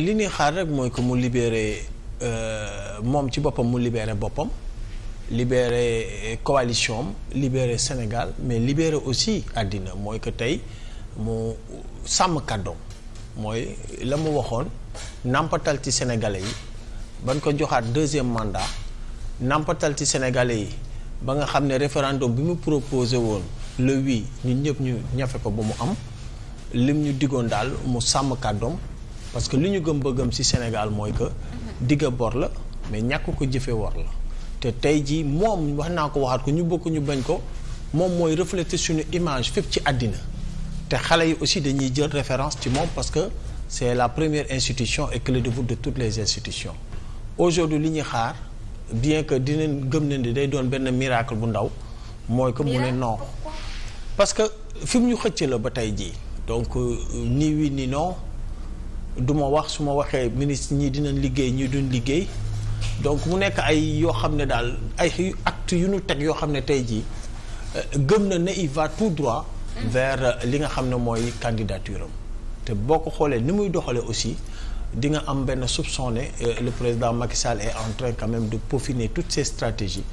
li ñuy xaar rek mooy que mu libéré euh, moom ci boppam mu libéré boppam libéré coalition am libéré Sénégal mais libéré aussi àddina mooy que tey mu sàmm kàddoom mooy la mu waxoon nampatal ci sénégalais yi ban ko joxaat deuxième mandat nampatal ci sénégalais yi ba nga xam ne référendum bi mu proposé woon le oui ñun ñëpp ñu ñafe ko ba mu am lim ñu diggoon daal mu sàmm kàddoom parce que li ñu gëm ba gëm ci Sénégal mooy que digga bor la mais ñàkk ko jëfe war la te tey jii moom wax naa ko waxaat ko ñu bokk ñu bañ ko moom mooy refléter suñu image fépp ci àddina te xale yi aussi dañuy jël référence ci moom parce que c'est la première institution et clé de voûte de toutes les institutions aujourd'hui li ñuy xaar bien que dinañ gëm ne ni day doon benn miracle bu ndaw mooy que mu ne non parce que fi mu ñu xëcc la ba tey jii donc euh, ni oui ni du ma wax su ma waxee ministre ñii dinañ liggéey ñii duñ liggéey donc mu nekk ay yoo xam ne daal ay act yu nu teg yoo xam ne tey jii euh, gëm na ne il va tout droit vers li nga xam ne mooy candidature te boo ko xoolee ni muy doxalee aussi di nga am benn soupçon ne euh, le président Macky Sall est en train quand même de peaufiner toutes ses stratégies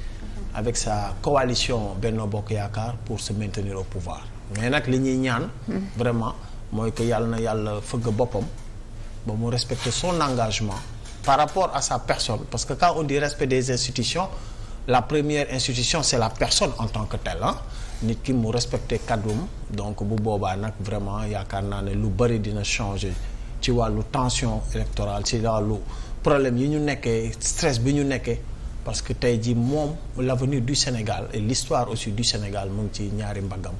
avec sa coalition Benno Bokk Yaakaar pour se maintenir au pouvoir mais nag li ñuy ñaan vraiment mooy que yàlla na yàlla fëgg boppam ba mu respecter son engagement par rapport à sa personne parce que quand on di respect des institutions la première institution c'est la personne en tant que telle nit ki mu respecter kàddum donc bu boobaa nag vraiment yaakaar naa ne lu bëri dina changer ci wàllu tension électorale ci wàllu problème yi ñu nekkee stress bi ñu nekkee parce que tey jii moom l'avenir du Sénégal e l'histoire aussi du Sénégal mu ngi ci ñaari mbaggam